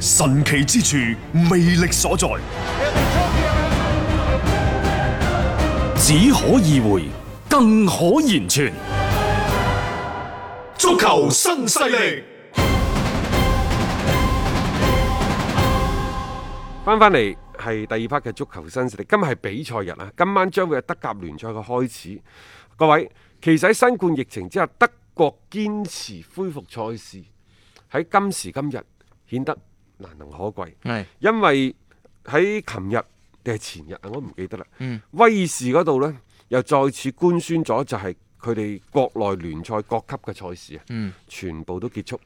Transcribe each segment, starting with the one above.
神奇之處，魅力所在，只可意會，更可言傳。足球新勢力，翻翻嚟係第二 part 嘅足球新勢力。今日係比賽日啊，今晚將會係德甲聯賽嘅開始。各位，其實喺新冠疫情之下，德國堅持恢復賽事，喺今時今日顯得。難能可貴，係 Yes. 因為喺琴日定係前日啊，我唔記得啦。威、嗯、威爾士嗰度呢，又再次官宣咗，就係佢哋國內聯賽各級嘅賽事啊，嗯、全部都結束。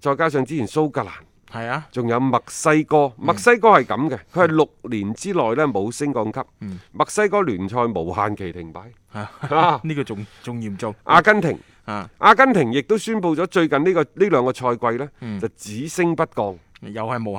再加上之前蘇格蘭係啊，仲有墨西哥，墨西哥係咁嘅，佢係、嗯、六年之內咧冇升降級。嗯嗯、墨西哥聯賽無限期停擺。呢、啊啊這個仲仲嚴重、啊啊。阿根廷阿根廷，阿根廷亦都宣布咗，最近呢個呢兩個賽季呢，就只升不降。又係無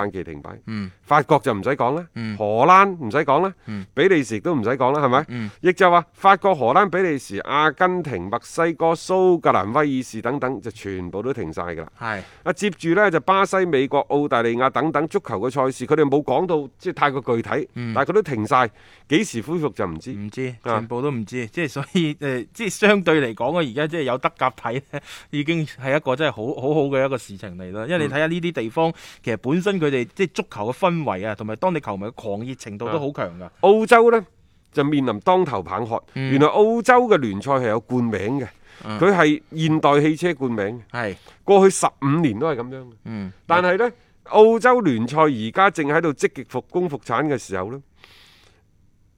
限期停擺，嗯，法國就唔使講啦，嗯，荷蘭唔使講啦，嗯，比利時都唔使講啦，係咪？嗯，亦就話法國、荷蘭、比利時、阿根廷、墨西哥、蘇格蘭、威爾士等等就全部都停曬㗎啦。係，啊，接住呢就巴西、美國、澳大利亞等等足球嘅賽事，佢哋冇講到即係太過具體，嗯，但係佢都停曬，幾時恢復就唔知，唔知，全部都唔知，即係所以誒，即係相對嚟講啊，而家即係有德甲睇咧，已經係一個真係好好好嘅一個事情嚟啦，因為你睇下呢啲地。地方其實本身佢哋即足球嘅氛圍啊，同埋當地球迷嘅狂熱程度都好強噶。澳洲呢，就面臨當頭棒喝，嗯、原來澳洲嘅聯賽係有冠名嘅，佢係、嗯、現代汽車冠名，係、嗯、過去十五年都係咁樣。嗯，但係呢，澳洲聯賽而家正喺度積極復工復產嘅時候咧。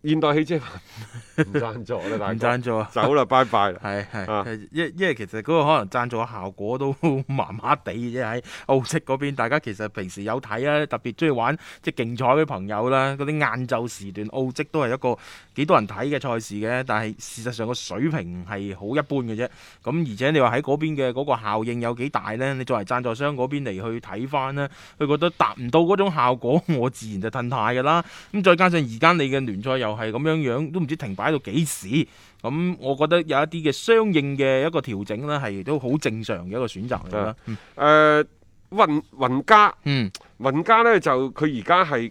現代汽車唔贊助啦，大家唔贊助啊，走啦，拜拜啦。係係， 一是、啊、因為其實嗰個可能贊助嘅效果都麻麻地啫。喺澳職嗰邊，大家其實平時有睇啊，特別中意玩即係、就是、競彩嘅朋友啦。嗰啲晏晝時段澳職都係一個幾多人睇嘅賽事嘅，但係事實上個水平係好一般嘅啫。咁而且你話喺嗰邊嘅嗰個效應有幾大呢？你作為贊助商嗰邊嚟去睇翻咧，佢覺得達唔到嗰種效果，我自然就褪軚噶啦。咁再加上而家你嘅聯賽就係咁樣樣都唔知停擺到幾時，咁、嗯、我覺得有一啲嘅相應嘅一個調整咧，係都好正常嘅一個選擇嚟啦。呃，雲雲加，嗯，雲加咧就佢而家係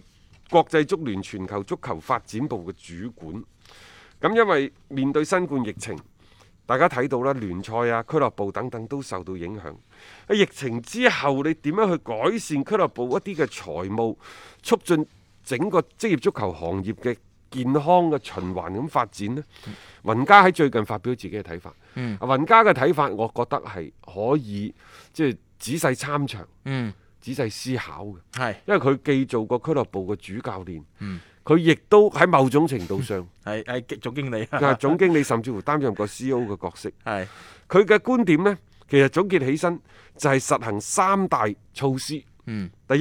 國際足聯全球足球發展部嘅主管。咁因為面對新冠疫情，大家睇到啦聯賽啊、俱樂部等等都受到影響，喺疫情之後，你點樣去改善俱樂部一啲嘅財務，促進整個職業足球行業嘅？健康嘅循環，咁發展呢，雲加喺最近發表自己嘅睇法。嗯，雲加嘅睇法，我覺得係可以即係、就是、仔細參詳。嗯，仔細思考嘅。係是，因為佢既做過俱樂部嘅主教練。佢亦、嗯、都喺某種程度上係係 總經理。係總經理， 甚至乎擔任過 CEO 嘅角色。係是，佢嘅是觀點呢，其實總結起身就係實行三大措施。嗯，第一，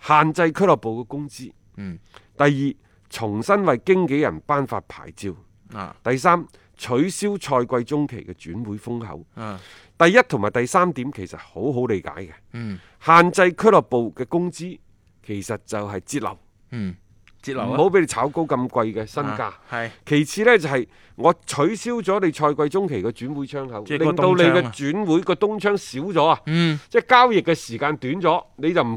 限制俱樂部嘅工資。嗯，第二。重新為經紀人頒發牌照。啊、第三，取消賽季中期嘅轉會風口。啊、第一同埋第三點其實好好理解嘅。嗯、限制俱樂部嘅工資其實就係節流。嗯，節流唔好俾你炒高咁貴嘅身價。係、啊。其次呢，就係、是、我取消咗你賽季中期嘅轉會窗口，窗啊、令到你嘅轉會個冬窗少咗啊。即係、嗯、交易嘅時間短咗，你就唔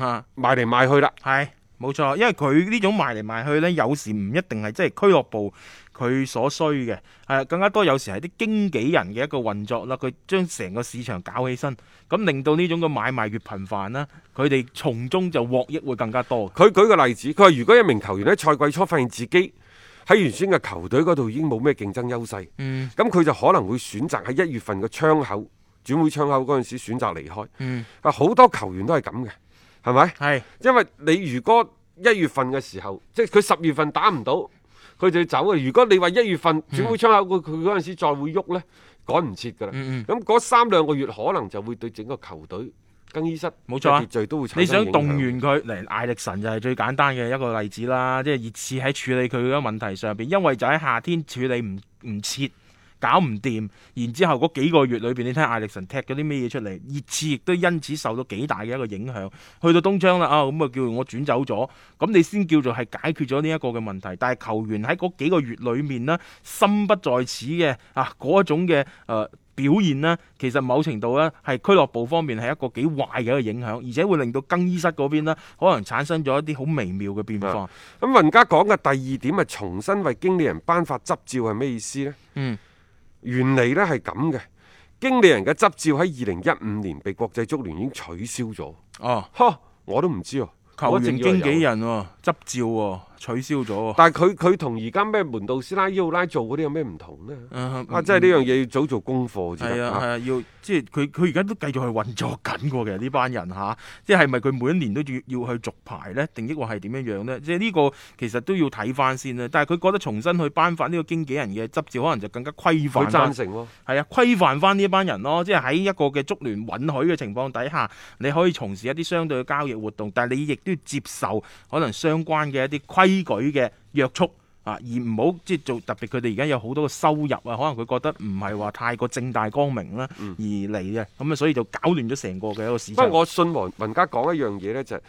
好啊賣嚟賣去啦。係是。冇錯，因為佢呢種賣嚟賣去呢，有時唔一定係即係俱樂部佢所需嘅，係更加多有時係啲經紀人嘅一個運作啦。佢將成個市場搞起身，咁令到呢種嘅買賣越頻繁啦。佢哋從中就獲益會更加多。佢舉個例子，佢話如果一名球員喺賽季初發現自己喺原先嘅球隊嗰度已經冇咩競爭優勢，咁佢、嗯、就可能會選擇喺一月份嘅窗口轉會窗口嗰陣時選擇離開。啊、嗯，好多球員都係咁嘅。係咪？係，因為你如果一月份嘅時候，即係佢十月份打唔到，佢就要走啊。如果你話一月份轉會窗口，佢佢嗰陣時再會喐呢，趕唔切噶啦。咁嗰三兩個月可能就會對整個球隊更衣室冇錯啊，秩序都會產生影響。你想動員佢嚟，艾力神就係最簡單嘅一個例子啦。即係熱刺喺處理佢嗰個問題上邊，因為就喺夏天處理唔唔切。搞唔掂，然之後嗰幾個月裏邊，你睇艾力神踢咗啲咩嘢出嚟，熱刺亦都因此受到幾大嘅一個影響。去到冬窗啦啊，咁、哦、啊叫我轉走咗，咁你先叫做係解決咗呢一個嘅問題。但係球員喺嗰幾個月裏面呢，心不在此嘅啊嗰種嘅誒、呃、表現呢，其實某程度呢係俱樂部方面係一個幾壞嘅一個影響，而且會令到更衣室嗰邊呢可能產生咗一啲好微妙嘅變化。咁雲、嗯、家講嘅第二點，係重新為經理人頒發執照係咩意思呢？嗯。原嚟呢係咁嘅，經理人嘅執照喺二零一五年被國際足聯已經取消咗。哦、啊，呵，我都唔知喎，經紀人喎，執照喎、啊。取消咗，但係佢佢同而家咩門道師、拉伊奧拉做嗰啲有咩唔同呢？啊，真係呢樣嘢要早做功課先。係啊係啊，要即係佢佢而家都繼續去運作緊過嘅呢班人嚇。即係咪佢每一年都要要去續牌呢？定抑或係點樣樣呢？即係呢個其實都要睇翻先啦。但係佢覺得重新去頒發呢個經紀人嘅執照，可能就更加規範。佢贊成咯。係啊，規範翻呢班人咯。即係喺一個嘅足聯允許嘅情況底下，你可以從事一啲相對嘅交易活動，但係你亦都要接受可能相關嘅一啲規矩嘅約束啊，而唔好即係做特別。佢哋而家有好多嘅收入啊，可能佢覺得唔係話太過正大光明啦，而嚟嘅咁啊，所以就搞亂咗成個嘅一個市場。不過，我信王文家講一樣嘢呢，就係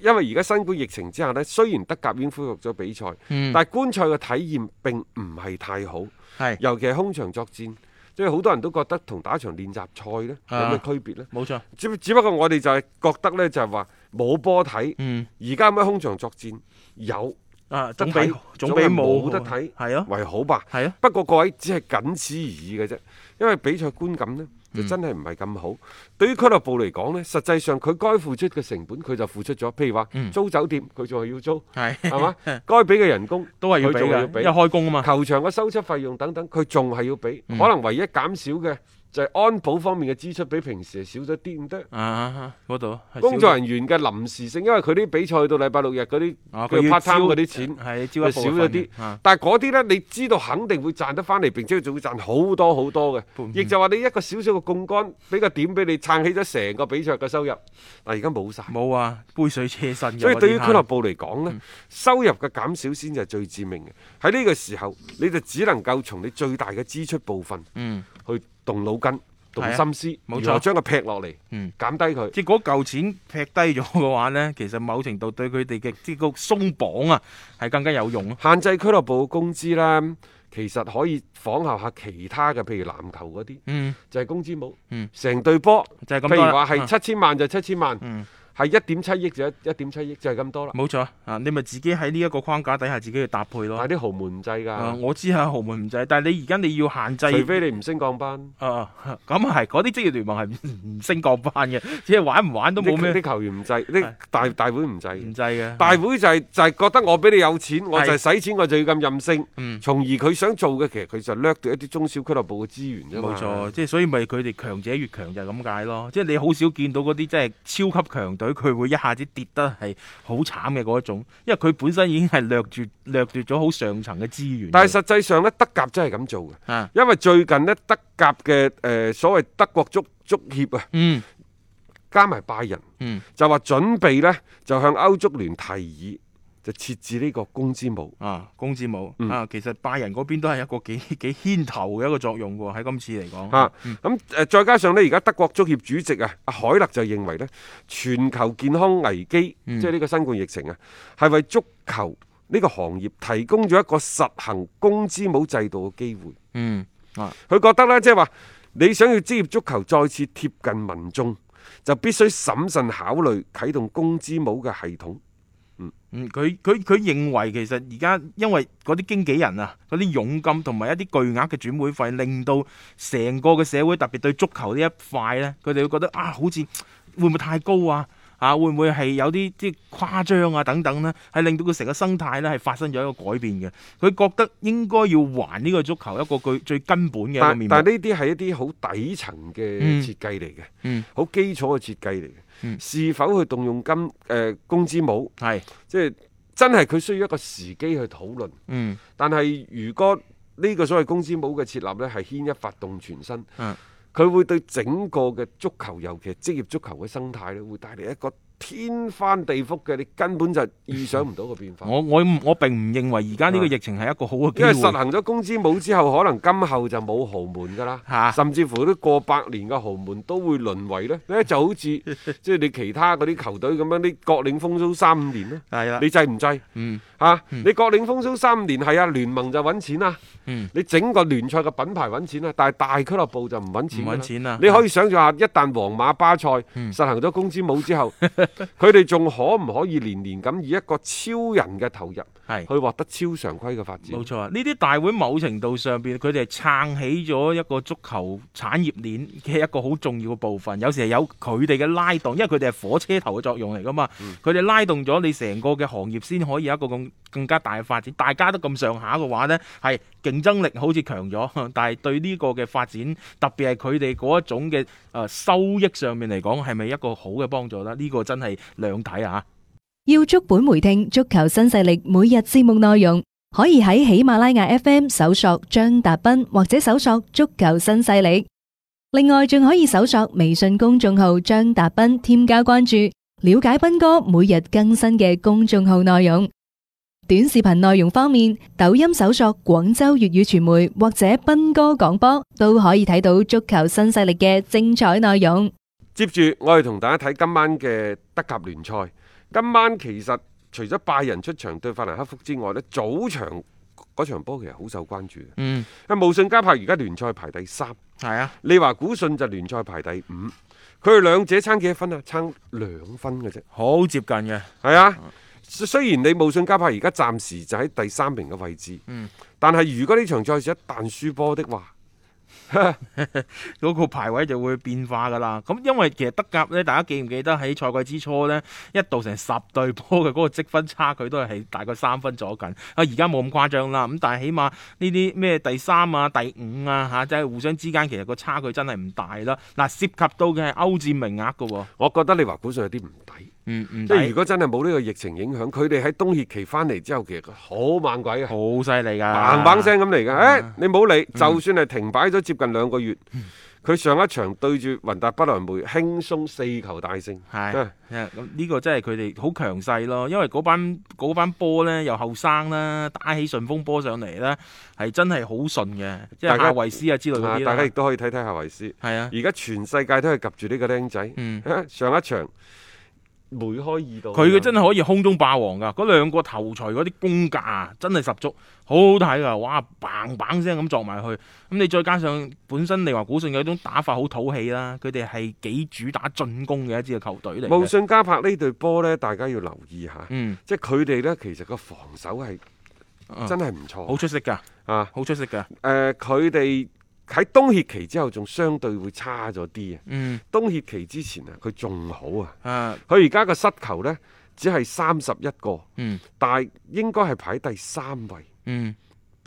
因為而家新冠疫情之下呢，雖然德甲已經恢復咗比賽，嗯、但係觀賽嘅體驗並唔係太好，嗯、尤其係空場作戰，即係好多人都覺得同打場練習賽呢有咩區別呢，啊、冇錯，只，只不過我哋就係覺得呢，就係話冇波睇，而家咁樣空場作戰。有啊，看總比總比冇得睇係咯，為好吧。係咯、啊，不過各位只係僅此而已嘅啫。因為比賽觀感呢，就真係唔係咁好。嗯、對於俱樂部嚟講呢，實際上佢該付出嘅成本，佢就付出咗。譬如話租酒店，佢仲係要租係，係嘛？該俾嘅人工都係要俾，一開工啊嘛。球場嘅收出費用等等，佢仲係要俾。可能唯一減少嘅。就係安保方面嘅支出比平時少咗啲咁多，嗰度、啊啊、工作人員嘅臨時性，因為佢啲比賽到禮拜六日嗰啲佢 part time 嗰啲錢係、啊、少咗啲，啊、但係嗰啲呢，你知道肯定會賺得翻嚟，並且仲會賺好多好多嘅。亦、嗯、哼就話你一個小小嘅槓桿俾個點俾你撐起咗成個比賽嘅收入，嗱，而家冇晒，冇啊，杯水車薪，所以對於俱樂部嚟講咧，嗯、收入嘅減少先就係最致命嘅。喺呢個時候你就只能夠從你最大嘅支出部分嗯。去動腦筋、動心思，冇錯將佢劈落嚟，嗯、減低佢。結果舊錢劈低咗嘅話咧，其實某程度對佢哋嘅資局鬆綁啊，係更加有用咯。限制俱樂部嘅工資咧，其實可以仿效下其他嘅，譬如籃球嗰啲，嗯、就係工資帽，成隊波就係咁多，譬如話係七千萬就七千萬。嗯嗯。係一點七億就一一點七億就係咁多啦。冇錯啊，你咪自己喺呢一個框架底下自己去搭配咯。係啲豪門唔制㗎、嗯。我知啊，豪門唔制，但係你而家你要限制，除非你唔升降班咁啊係，嗰啲、嗯嗯嗯、職業聯盟係唔升降班嘅，只、就、係、是、玩唔玩都冇咩。啲球員唔制，啲是大大會唔制。唔制嘅。大會就係就係覺得我俾你有錢，我就使錢，我就要咁任性。是嗯。從而佢想做嘅其實佢就掠奪一啲中小俱樂部嘅資源啫。冇錯，即係的所以咪佢哋強者越強就係咁解咯。即係你好少見到嗰啲即係超級強隊。佢會一下子跌得係好慘嘅嗰一種，因為佢本身已經係掠奪掠奪咗好上層嘅資源。但係實際上咧，德甲真係咁做嘅，啊、因為最近咧德甲嘅誒所謂德國足足協啊，嗯，加埋拜仁，嗯，就話準備咧就向歐足聯提議。就設置呢個工資帽啊，工資帽啊，其實拜仁嗰邊都係一個幾幾牽頭嘅一個作用喎，喺今次嚟講。嚇、啊，咁誒、嗯、再加上呢，而家德國足協主席啊，阿海勒就認為呢，全球健康危機，嗯、即係呢個新冠疫情啊，係為足球呢個行業提供咗一個實行工資帽制度嘅機會。嗯，啊，佢覺得呢，即係話你想要職業足球再次貼近民眾，就必須審慎考慮啟動工資帽嘅系統。嗯，佢佢佢認為其實而家因為嗰啲經紀人啊，嗰啲佣金同埋一啲巨額嘅轉會費，令到成個嘅社會特別對足球呢一塊咧，佢哋會覺得啊，好似會唔會太高啊？嚇、啊，會唔會係有啲即係誇張啊等等咧？係令到佢成個生態咧係發生咗一個改變嘅。佢覺得應該要還呢個足球一個最最根本嘅面目。但係呢啲係一啲好底層嘅設計嚟嘅。嗯，嗯，好基礎嘅設計嚟嘅。是否去動用金？誒、呃，工資帽係，是即係真係佢需要一個時機去討論。嗯，但係如果呢個所謂工資帽嘅設立咧，係牽一髮動全身。佢是會對整個嘅足球尤其係職業足球嘅生態咧，會帶嚟一個。天翻地覆嘅，你根本就意想唔到個變化。我我我並唔認為而家呢個疫情係一個好嘅機會。因為實行咗工資帽之後，可能今後就冇豪門㗎啦。嚇！甚至乎都過百年嘅豪門都會淪為咧。咧就好似即係你其他嗰啲球隊咁樣，啲各領風騷三五年啦。係啦。你制唔制？嗯。嚇！你各領風騷三五年，係啊，聯盟就揾錢啦。嗯。你整個聯賽嘅品牌揾錢啦，但係大俱樂部就唔揾錢啦。唔揾錢啦！你可以想象下，一旦皇馬巴塞實行咗工資帽之後。佢哋仲可唔可以年年咁以一個超人嘅投入係去獲得超常規嘅發展？冇錯啊！呢啲大會某程度上邊，佢哋係撐起咗一個足球產業鏈嘅一個好重要嘅部分。有時係有佢哋嘅拉動，因為佢哋係火車頭嘅作用嚟㗎嘛。佢哋、嗯、拉動咗你成個嘅行業，先可以有一個咁。更加大嘅發展，大家都咁上下嘅話呢，係競爭力好似強咗，但係對呢個嘅發展，特別係佢哋嗰一種嘅誒收益上面嚟講，係咪一個好嘅幫助呢？呢個真係兩睇啊！要足本回聽足球新勢力每日節目內容，可以喺喜馬拉雅 FM 搜索張達斌，或者搜索足球新勢力。另外，仲可以搜索微信公眾號張達斌，添加關注，了解斌哥每日更新嘅公眾號內容。短視頻內容方面，抖音搜索廣州粵語傳媒或者斌哥廣播都可以睇到足球新勢力嘅精彩內容。接住我哋同大家睇今晚嘅德甲聯賽。今晚其實除咗拜仁出場對法蘭克福之外咧，早場嗰場波其實好受關注。嗯，慕遜加柏而家聯賽排第三，係啊。你話古遜就聯賽排第五，佢哋兩者差幾多分啊？差兩分嘅啫，好接近嘅，係啊。雖然你冇信加派而家暫時就喺第三名嘅位置，嗯、但係如果呢場賽事一旦輸波的話，嗰 個排位就會變化噶啦。咁因為其實德甲呢，大家記唔記得喺賽季之初呢，一度成十隊波嘅嗰、那個積分差距都係喺大概三分左近。啊，而家冇咁誇張啦。咁但係起碼呢啲咩第三啊、第五啊嚇，即、啊、係、就是、互相之間其實個差距真係唔大啦。嗱、啊，涉及到嘅係歐戰名額嘅喎、啊。我覺得你話估數有啲唔抵。即係如果真係冇呢個疫情影響，佢哋喺冬歇期翻嚟之後，其實好猛鬼好犀利噶，砰砰聲咁嚟噶。誒，你冇理，就算係停擺咗接近兩個月，佢上一場對住雲達不萊梅輕鬆四球大勝，係啊，咁呢個真係佢哋好強勢咯。因為嗰班嗰班波呢，又後生啦，打起順風波上嚟呢，係真係好順嘅。即係夏維斯啊之類嗰啲，大家亦都可以睇睇夏維斯。係啊，而家全世界都係及住呢個僆仔。上一場。梅開二度，佢嘅真係可以空中霸王噶，嗰兩、嗯、個頭槌嗰啲功架真係十足，好好睇噶，哇，棒棒聲咁撞埋去，咁你再加上本身你話古信有一種打法好土氣啦，佢哋係幾主打進攻嘅一支球隊嚟。慕遜加柏呢隊波呢，大家要留意下，嗯，即係佢哋呢，其實個防守係真係唔錯，好、啊啊、出色噶，啊，好出色噶，誒、啊，佢、呃、哋。喺冬歇期之後，仲相對會差咗啲啊！嗯、冬歇期之前啊，佢仲好啊！佢而家個失球呢只係三十一個，嗯、但係應該係排第三位。嗯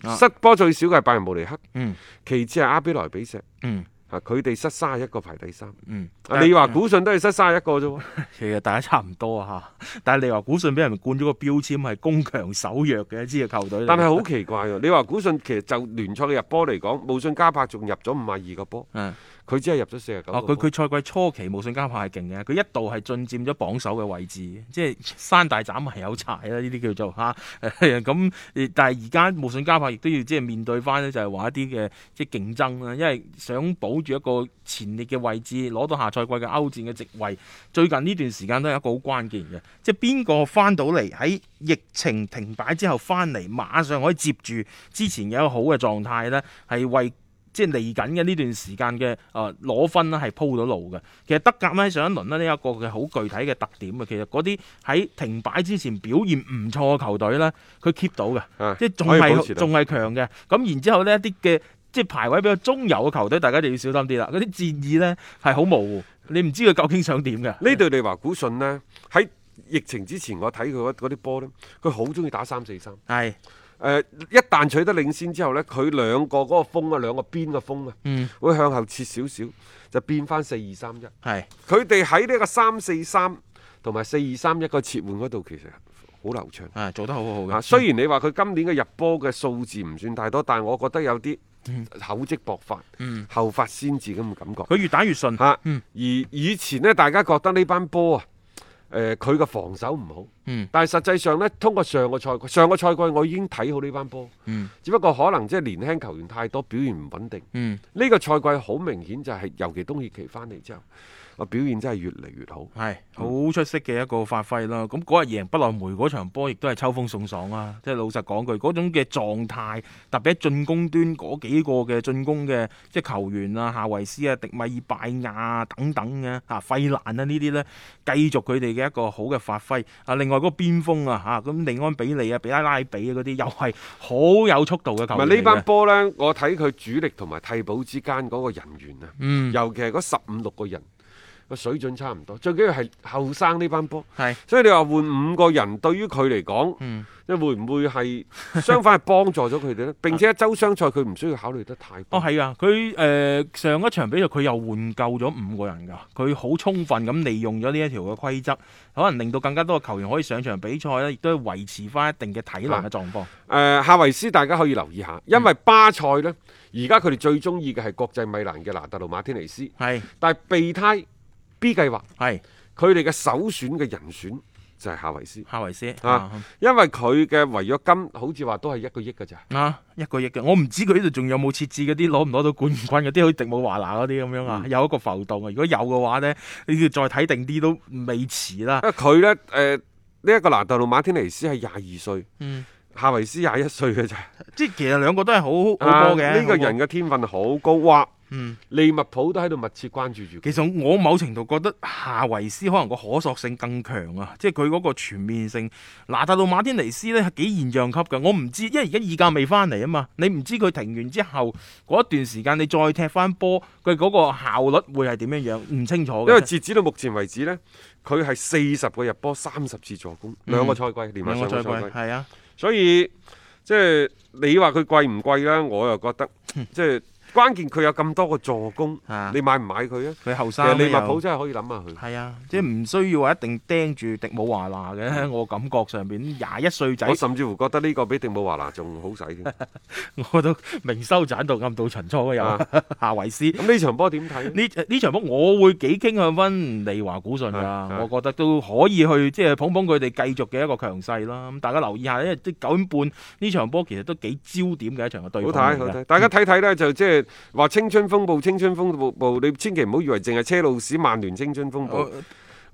啊、失波最少嘅係拜仁慕尼黑，嗯、其次係阿比萊比錫。嗯啊！佢哋失卅一個，排第三，嗯，你話古信都係失卅一個啫喎，其實大家差唔多啊吓，但係你話古信俾人灌咗個標籤係攻強守弱嘅一支嘅球隊，但係好奇怪啊！你話 古信其實就聯賽嘅入波嚟講，慕遜加柏仲入咗五啊二個波。嗯佢只係入咗四十九。佢，佢賽季初期慕遜加柏係勁嘅，佢一度係進佔咗榜首嘅位置，即係山大斬係有柴啦，呢啲叫做吓，咁、啊、但係而家慕遜加柏亦都要即係面對翻呢就係話一啲嘅即係競爭啦，因為想保住一個前列嘅位置，攞到下賽季嘅歐戰嘅席位，最近呢段時間都係一個好關鍵嘅，即係邊個翻到嚟喺疫情停擺之後翻嚟，馬上可以接住之前有個好嘅狀態呢，係為。即係嚟緊嘅呢段時間嘅啊攞分咧係鋪到路嘅，其實德甲咧上一輪咧呢一個嘅好具體嘅特點啊，其實嗰啲喺停擺之前表現唔錯嘅球隊呢，佢 keep 到嘅、啊，即係仲係仲係強嘅。咁然之後呢一啲嘅即係排位比較中游嘅球隊，大家就要小心啲啦。嗰啲戰意呢係好模糊，你唔知佢究竟想點嘅。呢隊利華古信呢，喺疫情之前我，我睇佢嗰啲波呢，佢好中意打三四三。誒、呃、一旦取得領先之後呢佢兩個嗰個鋒啊，兩個邊嘅鋒啊，嗯，會向後切少少，就變翻四二三一。係是，佢哋喺呢個三四三同埋四二三一嘅切換嗰度，其實好流暢。啊、做得好好好、啊、雖然你話佢今年嘅入波嘅數字唔算太多，但係我覺得有啲厚積薄發，嗯嗯、後發先至咁嘅感覺。佢越打越順嚇，啊嗯、而以前咧，大家覺得呢班波、啊。佢嘅、呃、防守唔好，嗯、但係實際上呢，通過上個賽季，上個賽季我已經睇好呢班波，嗯、只不過可能即係年輕球員太多，表現唔穩定。呢、嗯、個賽季好明顯就係、是，尤其冬歇期翻嚟之後。我表現真係越嚟越好，係好是、嗯、出色嘅一個發揮啦。咁嗰日贏不來梅嗰場波，亦都係秋風送爽啊！即係老實講句，嗰種嘅狀態，特別喺進攻端嗰幾個嘅進攻嘅即係球員啊，夏維斯啊、迪米爾拜亞等等嘅啊，費蘭啊呢啲呢，繼續佢哋嘅一個好嘅發揮。啊，另外嗰個邊鋒啊，嚇咁利安比利啊、比拉拉比啊嗰啲，又係好有速度嘅球員。呢班波呢，我睇佢主力同埋替補之間嗰個人員啊，嗯、尤其係嗰十五六個人。個水準差唔多，最緊要係後生呢班波，是所以你話換五個人對於佢嚟講，即係、嗯、會唔會係相反係幫助咗佢哋呢？並且一週雙賽佢唔需要考慮得太多。係啊、哦，佢誒、呃、上一場比賽佢又換夠咗五個人㗎，佢好充分咁利用咗呢一條嘅規則，可能令到更加多嘅球員可以上場比賽咧，亦都係維持返一定嘅體能嘅狀況。誒、啊呃，夏維斯大家可以留意下，因為巴塞呢，而家佢哋最中意嘅係國際米蘭嘅納特魯馬天尼斯，係是，但係備胎。B 計劃係佢哋嘅首選嘅人選就係夏維斯。夏維斯啊，因為佢嘅違約金好似話都係一個億㗎咋？啊，一個億嘅，我唔知佢呢度仲有冇設置嗰啲攞唔攞到冠軍嗰啲，好似迪姆華拿嗰啲咁樣啊，嗯、有一個浮動啊。如果有嘅話咧，你要再睇定啲都未遲啦。因為佢咧誒呢一、呃呢個拿特路馬天尼斯係廿二歲，嗯、夏維斯廿一歲嘅咋？即係其實兩個都係好好多嘅。呢、啊呢個人嘅天分好高哇！嗯，利物浦都喺度密切關注住。其實我某程度覺得夏維斯可能個可塑性更強啊，即係佢嗰個全面性，拿達路馬天尼斯呢係幾現象級嘅。我唔知，因為而家議價未翻嚟啊嘛，你唔知佢停完之後嗰一段時間，你再踢翻波，佢嗰個效率會係點樣樣？唔清楚。因為截止到目前為止呢，佢係四十個入波，三十次助攻，兩、嗯、個賽季連埋上個賽季係以啊。所以即係你話佢貴唔貴呢？我又覺得即係。嗯關鍵佢有咁多個助攻，你買唔買佢啊？佢後生，利物浦真係可以諗下佢。係啊，即係唔需要話一定盯住迪姆華拿嘅，我感覺上邊廿一歲仔。我甚至乎覺得呢個比迪姆華拿仲好使。我都明修棧道暗度陳倉，又夏維斯。咁呢場波點睇？呢，呢場波我會幾傾向分利華古遜㗎，我覺得都可以去即係捧捧佢哋繼續嘅一個強勢咯。咁大家留意下，因為即係九點半呢場波其實都幾焦點嘅一場嘅對抗。好睇好睇，大家睇睇咧就即係。話青春風暴，青春風暴，你千祈唔好以為淨係車路士，曼聯青春風暴。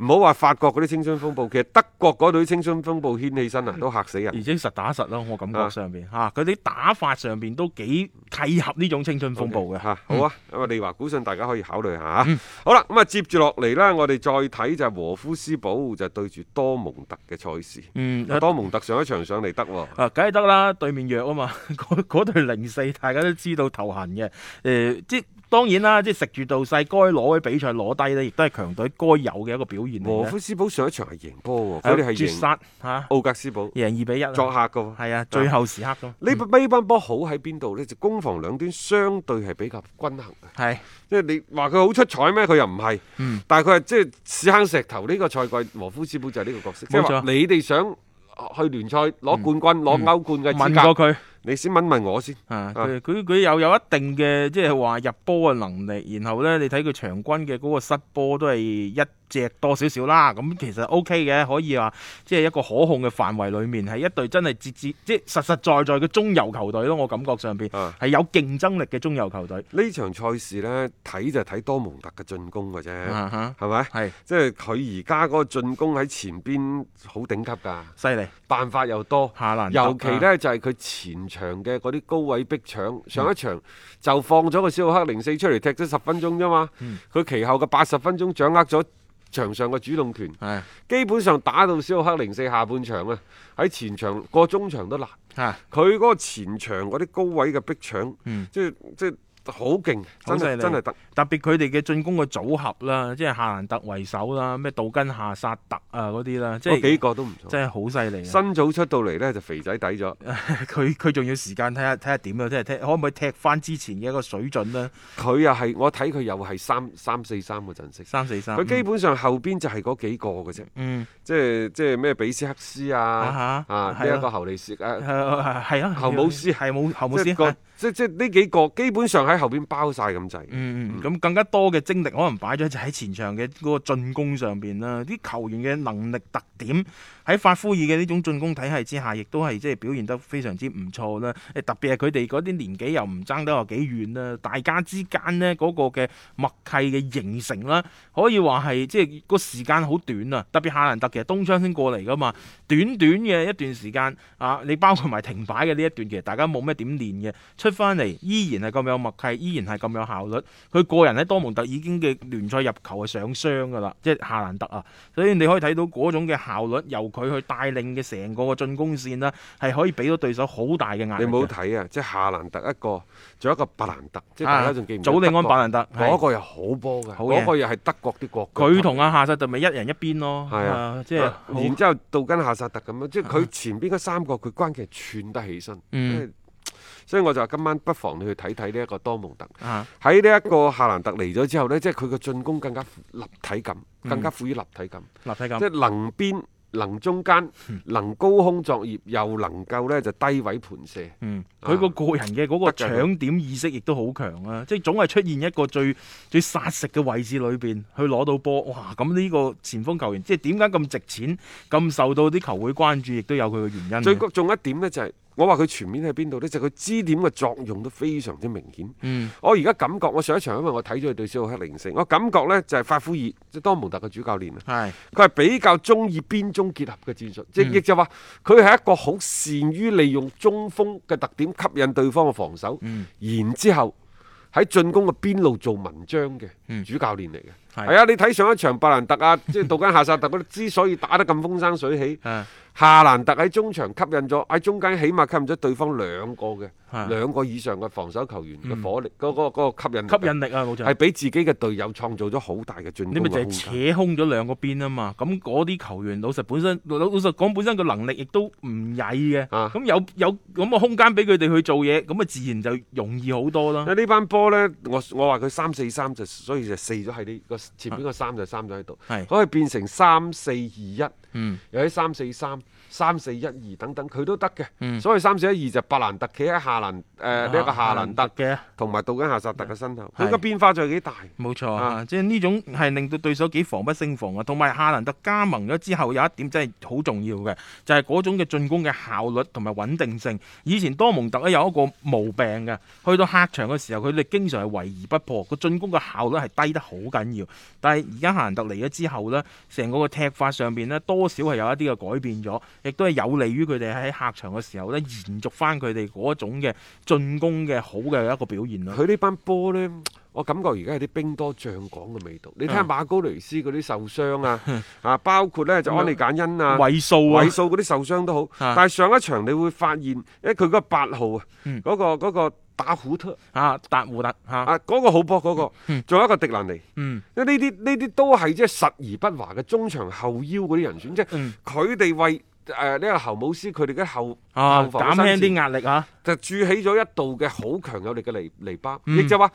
唔好話法國嗰啲青春風暴，其實德國嗰隊青春風暴掀起身啊，都嚇死人。而且實打實咯，我感覺上邊嚇，佢啲、啊啊、打法上邊都幾契合呢種青春風暴嘅嚇。Okay, 啊嗯、好啊，咁啊，利華古遜大家可以考慮下嚇。嗯、好啦，咁啊，接住落嚟呢，我哋再睇就係和夫斯堡就對住多蒙特嘅賽事。嗯，啊、多蒙特上一場上嚟得喎。啊，梗係得啦，對面弱啊嘛，嗰隊零四，大家都知道頭痕嘅。誒，即當然啦，即係食住道勢，該攞嘅比賽攞低咧，亦都係強隊該有嘅一個表現嚟嘅。禾夫斯堡上一場係贏波喎，佢哋係絕殺吓，奧格斯堡贏二、嗯啊、比一、啊，作客噶係啊，最後時刻咯。嗯 B B B B、呢班呢班波好喺邊度咧？就攻防兩端相對係比較均衡。係，即係你話佢好出彩咩？佢又唔係。但係佢係即係屎坑石頭呢個賽季，禾夫斯堡就係呢個角色。冇錯。你哋想去聯賽攞冠軍、攞歐冠嘅資格。問、嗯、過佢。你先問問我先啊！佢佢又有一定嘅即係話入波嘅能力，然後咧你睇佢場均嘅嗰個失波都係一。只多少少啦，咁其實 O K 嘅，可以話即係一個可控嘅範圍裏面，係一隊真係節節即係實實在在嘅中游球隊咯。我感覺上邊係、啊、有競爭力嘅中游球隊。呢場賽事呢，睇就睇多蒙特嘅進攻嘅啫，係咪？係即係佢而家嗰個進攻喺前邊好頂級㗎，犀利害，辦法又多，下尤其呢，啊、就係佢前場嘅嗰啲高位逼搶。上一場就放咗個史浩克零四出嚟踢咗十分鐘啫嘛，佢、嗯、其後嘅八十分鐘掌握咗。場上嘅主動權，係是的 基本上打到小黑零四下半場啊！喺前場、過中場都難，佢嗰是的 個前場嗰啲高位嘅逼搶，嗯、即係即係。好勁，真係真係特特別佢哋嘅進攻嘅組合啦，即係夏蘭特為首啦，咩杜根夏薩特啊嗰啲啦，即係幾個都唔錯，真係好犀利。新組出到嚟咧就肥仔抵咗，佢佢仲要時間睇下睇下點樣，睇下踢可唔可以踢翻之前嘅一個水準咧。佢又係我睇佢又係三三四三個陣式，三四三，佢基本上後邊就係嗰幾個嘅啫。嗯，即係即係咩比斯克斯啊，啊呢一個侯利斯啊，係啊，侯姆斯係冇侯姆斯。即即呢幾個基本上喺後邊包晒咁滯，咁、嗯嗯、更加多嘅精力可能擺咗就喺前場嘅嗰個進攻上邊啦。啲球員嘅能力特點喺法夫爾嘅呢種進攻體系之下，亦都係即係表現得非常之唔錯啦。特別係佢哋嗰啲年紀又唔爭得又幾遠啦，大家之間呢嗰、嗰個嘅默契嘅形成啦，可以話係即係個時間好短啊。特別夏蘭特其實冬窗先過嚟噶嘛，短短嘅一段時間啊，你包括埋停擺嘅呢一段，其實大家冇咩點練嘅出。翻嚟依然係咁有默契，依然係咁有效率。佢個人喺多蒙特已經嘅聯賽入球係上雙噶啦，即係夏蘭特啊。所以你可以睇到嗰種嘅效率，由佢去帶領嘅成個嘅進攻線啦，係可以俾到對手好大嘅壓力。你冇睇啊，即係夏蘭特一個，仲有一個伯蘭特，即係大家仲記唔記得？祖利安伯蘭特嗰個又好波嘅，嗰個又係德國啲國。佢同阿夏薩特咪一人一邊咯，即係然之後到緊夏薩特咁樣，即係佢前邊嗰三個佢關鍵串得起身。所以我就話今晚不妨你去睇睇呢一個多蒙特，喺呢一個夏蘭特嚟咗之後，呢即係佢嘅進攻更加立體感，更加富於立體感、嗯、立體感。立體感即係能邊能中間能高空作業，又能夠呢就低位盤射。佢個、嗯、個人嘅嗰個搶點意識亦都好強啊！即係總係出現一個最最殺食嘅位置裏邊去攞到波。哇！咁呢個前鋒球員即係點解咁值錢咁受到啲球會關注，亦都有佢嘅原因。最重一點呢就係、是。我話佢全面喺邊度呢？就佢、是、支點嘅作用都非常之明顯。嗯、我而家感覺我上一場，因為我睇咗佢對小奧克寧勝，我感覺呢就係法夫爾，即、就是、多蒙特嘅主教練啊。佢係是 比較中意邊中結合嘅戰術，嗯、即亦就話佢係一個好善於利用中鋒嘅特點吸引對方嘅防守。嗯、然之後喺進攻嘅邊路做文章嘅主教練嚟嘅。係是 啊，你睇上一場伯蘭特啊，即係杜根夏薩特嗰啲之所以打得咁風生水起。夏蘭特喺中場吸引咗喺中間，起碼吸引咗對方兩個嘅兩個以上嘅防守球員嘅火力，嗰個嗰個吸引吸引力啊冇錯，係俾自己嘅隊友創造咗好大嘅進攻。你咪就係扯空咗兩個邊啊嘛，咁嗰啲球員老實本身老老實講本身個能力亦都唔曳嘅，咁有有咁嘅空間俾佢哋去做嘢，咁咪自然就容易好多咯。呢班波咧，我我話佢三四三就所以就四咗喺呢個前邊個三就三咗喺度，可以變成三四二一，又喺三四三。三四一二等等，佢都得嘅，嗯、所以三四一二就伯蘭特企喺夏蘭，誒呢一個夏蘭特嘅，同埋杜根夏薩特嘅身後，佢個是變化就係幾大？冇錯錯啊，即係呢種係令到對手幾防不勝防啊。同埋夏蘭特加盟咗之後，有一點真係好重要嘅，就係、是、嗰種嘅進攻嘅效率同埋穩定性。以前多蒙特咧有一個毛病嘅，去到客場嘅時候，佢哋經常係圍而不破，個進攻嘅效率係低得好緊要。但係而家夏蘭特嚟咗之後呢，成個嘅踢法上邊呢，多少係有一啲嘅改變，亦都係有利於佢哋喺客場嘅時候咧，延續翻佢哋嗰種嘅進攻嘅好嘅一個表現啦。佢呢班波咧，我感覺而家有啲兵多將廣嘅味道。你睇下馬高雷斯嗰啲受傷啊， 啊包括咧 就安利簡恩啊，韋素韋素嗰啲受傷都好。 但係上一場你會發現，誒佢嗰個八號啊，嗰、 嗯、個、那個打虎特嚇、啊，打胡特嚇，嗰、啊啊那個好波嗰、那個，仲、嗯、有一個迪蘭尼，因為呢啲呢啲都係即係實而不華嘅中場後腰嗰啲人選，即係佢哋為，誒呢、呃這個侯姆斯佢哋嘅後啊減輕啲壓力啊，就築起咗一度嘅好強有力嘅籬籬笆，亦、嗯、就話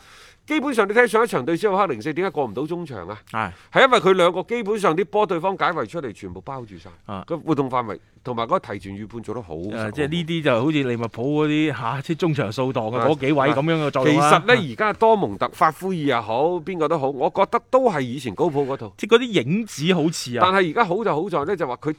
基本上你睇上一場對沙爾克零四點解過唔到中場啊？係係是因為佢兩個基本上啲波對方解圍出嚟，全部包住晒是、啊，啊，個活動範圍同埋嗰個提前預判做得好。即係呢啲就好似利物浦嗰啲嚇，即係中場掃蕩嗰幾位咁是是樣嘅作用、啊、其實呢，而家多蒙特法夫爾又好，邊個都好，我覺得都係以前高普嗰套，是即係嗰啲影子好似啊。但係而家好就好在呢，就話佢。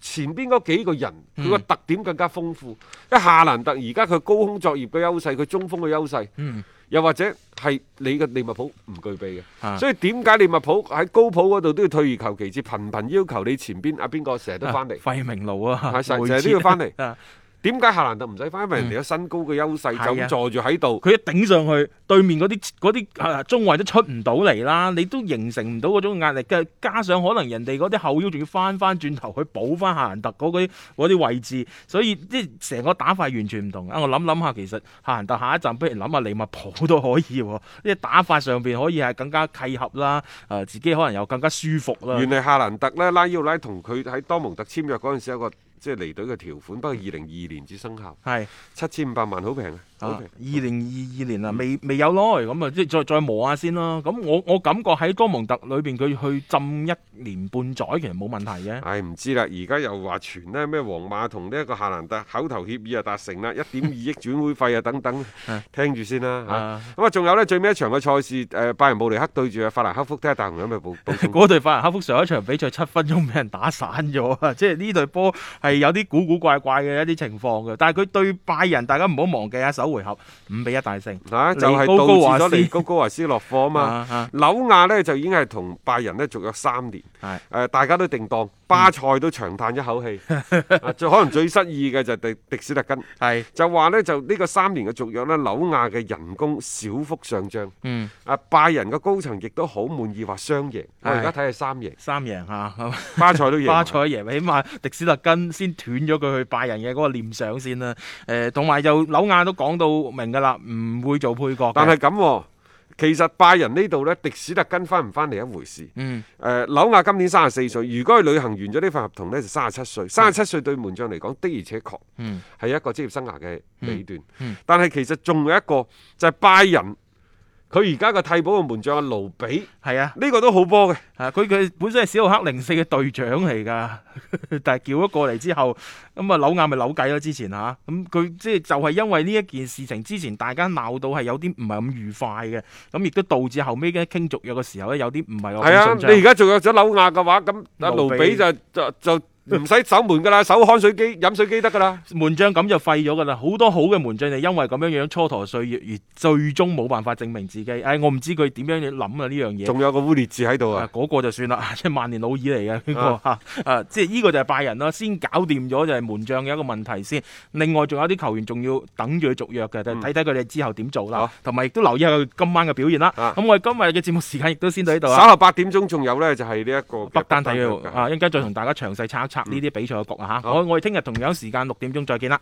前邊嗰幾個人佢個特點更加豐富，一夏蘭特而家佢高空作業嘅優勢，佢中鋒嘅優勢，嗯、又或者係你嘅利物浦唔具備嘅，啊、所以點解利物浦喺高普嗰度都要退而求其次，頻頻要求你前邊阿邊個成日都翻嚟費明路啊，成日都要翻嚟。啊點解夏蘭特唔使翻？因為人哋有身高嘅優勢，就坐住喺度，佢一頂上去，對面嗰啲啲中衛都出唔到嚟啦，你都形成唔到嗰種壓力嘅。加上可能人哋嗰啲後腰仲要翻翻轉頭去補翻夏蘭特嗰啲位置，所以即係成個打法完全唔同啊！我諗諗下，其實夏蘭特下一站不如諗下利物浦都可以，即係打法上邊可以係更加契合啦。誒、呃，自己可能又更加舒服啦。原嚟夏蘭特咧，拉伊奧拉同佢喺多蒙特簽約嗰陣時有個。即係離隊嘅條款，不過二零二二年先生效。係是七千五百萬，好平啊！二零二二年啊，未未有耐。咁啊，即係再再磨下先啦。咁我我感覺喺多蒙特裏邊，佢去浸一年半載，其實冇問題嘅。唉、哎，唔知啦，而家又話傳咧咩皇馬同呢一個夏蘭特口頭協議啊達成啦，一點二億轉會費啊等等， 等等。聽住先啦，吓咁 啊，仲、啊、有呢？最尾一場嘅賽事，誒拜仁慕尼克對住啊法蘭克福，睇下大雄有冇補。嗰隊 法蘭克福上一場比賽七分鐘俾人打散咗啊！即係呢隊波係有啲古古怪怪嘅一啲情況嘅，但係佢對拜仁，大家唔好忘記啊五回合五比一大勝，嚇就係導致咗尼高高華斯落課啊嘛。紐亞呢就已經係同拜仁呢續約三年，誒大家都定當，巴塞都長嘆一口氣。最可能最失意嘅就係迪迪斯特根，係就話呢就呢個三年嘅續約呢，紐亞嘅人工小幅上漲。嗯，拜仁嘅高層亦都好滿意話雙贏，我而家睇係三贏，三贏嚇，巴塞都贏，巴塞贏，起碼迪斯特根先斷咗佢去拜仁嘅嗰個念想先啦。誒，同埋就紐亞都講。到明噶啦，唔會做配角。但係咁、啊，其實拜仁呢度呢，迪士特跟翻唔翻嚟一回事。嗯，誒、呃，紐亞今年三十四歲，如果去履行完咗呢份合同呢，就三十七歲。三十七歲對門將嚟講的而且確、嗯，嗯，係一個職業生涯嘅尾段。但係其實仲有一個就係拜仁。佢而家個替補個門將阿盧比，係啊，呢個都好波嘅、啊 嗯。啊，佢佢本身係小克零四嘅隊長嚟㗎，但係叫咗過嚟之後，咁啊，紐亞咪扭計咯。之前吓，咁佢即係就係因為呢一件事情，之前大家鬧到係有啲唔係咁愉快嘅，咁、嗯、亦都導致後尾咧傾續約嘅時候咧有啲唔係話。係比啊，你而家續約咗紐亞嘅話，咁阿盧比就就就。唔使守門噶啦，守開水機、飲水機得噶啦。門將咁就廢咗噶啦，好多好嘅門將就因為咁樣樣蹉跎歲月，而最終冇辦法證明自己。唉、哎，我唔知佢點樣諗啊呢樣嘢。仲有個污蔑字喺度啊！嗰、那個就算啦，即係萬年老二嚟嘅呢個即係呢個就係拜仁啦，先搞掂咗就係門將嘅一個問題先。另外仲有啲球員仲要等住佢續約嘅，睇睇佢哋之後點做啦。同埋亦都留意下佢今晚嘅表現啦。咁、啊、我哋今日嘅節目時間亦都先到呢度。啊、稍後八點鐘仲有呢，就係呢一個北單體育啊，一陣間再同大家詳細拆。插呢啲比賽嘅局啊！嚇好，我我哋聽日同樣時間六點鐘再見啦。